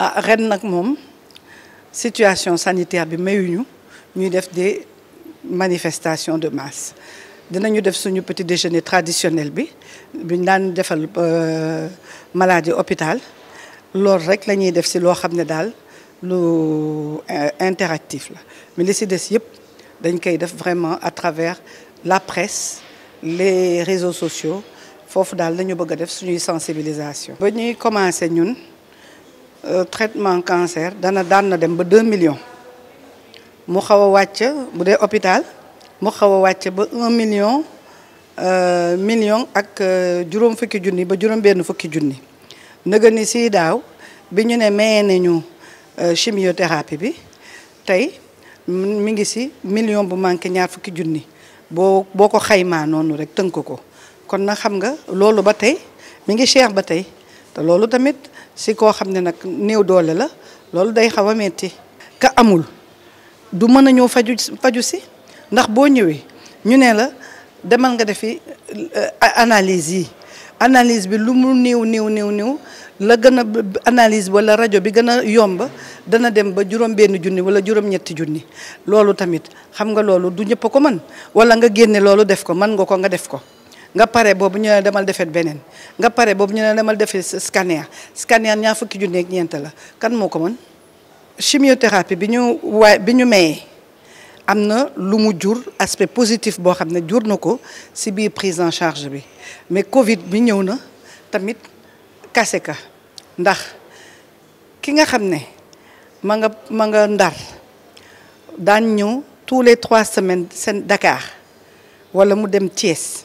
la ah, ren situation sanitaire bi mayuñu ñuy def des manifestations de masse dinañu def suñu petit déjeuner traditionnel bi avons daan defal euh, maladie hôpital Nous rek lañuy def ci lo lu euh, mais les si des dañ vraiment à travers la presse les réseaux sociaux pour faire des bëgg def sensibilisation. bañuy commencer ñun. Euh, traitement cancer dana daan na dem ba 2 millions mu xaw a wàcc bu dee hôpital mu xaw a wàcc ba 1 million euh, million ak euh, juróom fukki junni ba juróom benn fukki junni nëga ni si daaw bi ñu ne maye nañu chimiothérapie bi tey mu ngi si million bu manqué ñaar fukki junni boo boo ko xaymaa noonu rek tënk ko kon na xam nga loolu ba tey mi ngi cher ba tey te loolu tamit si koo xam ne nag néew doole la loolu day xaw a metti ka amul du mën a ñëw faju faju si ndax boo ñëwee ñu ne la demal nga defi euh, analyse yi analyse bi lu mu néew néew néew néew la gën a analyse wala rajo bi gën a yomb dana dem ba juróom benn junni wala juróom ñetti junni loolu tamit xam nga loolu du ñëpp ko mën wala nga génne loolu def ko mën nga ko nga def ko nga paré bobu ñu ne demal defet beneen nga paré bobu ñu ne demal defee scanner scanner ñaar fukki jundé ak ñeent la kan moko ko mën chimiothérapie bi ñu waay bi ñu lu mu jur aspect positif bo xamné jur nako ci bi prise en charge bi mais Covid bi ñëw na tamit kase ka ndax ki nga xamné ma nga ma nga ndar daan ñëw tous les trois semaines sen Dakar wala mu dem Thiès.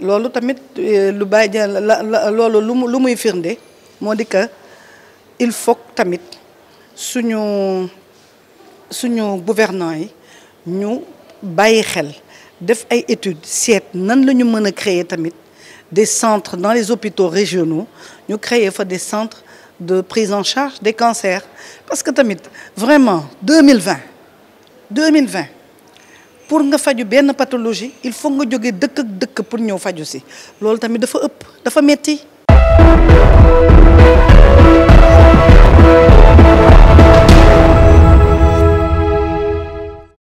loolu tamit eh, lu bàyyi loolu lu que il faut tamit suñu suñu gouvernants nous ñu des études seet nan créer des centres dans les hôpitaux régionaux ñu créer des centres de prise en charge des cancers parce que tamit vraiment 2020 2020 pour nga faju ben pathologie il faut nga jóge deuk ak dëkk pour ñëw faju ci loolu tamit dafa upp dafa metti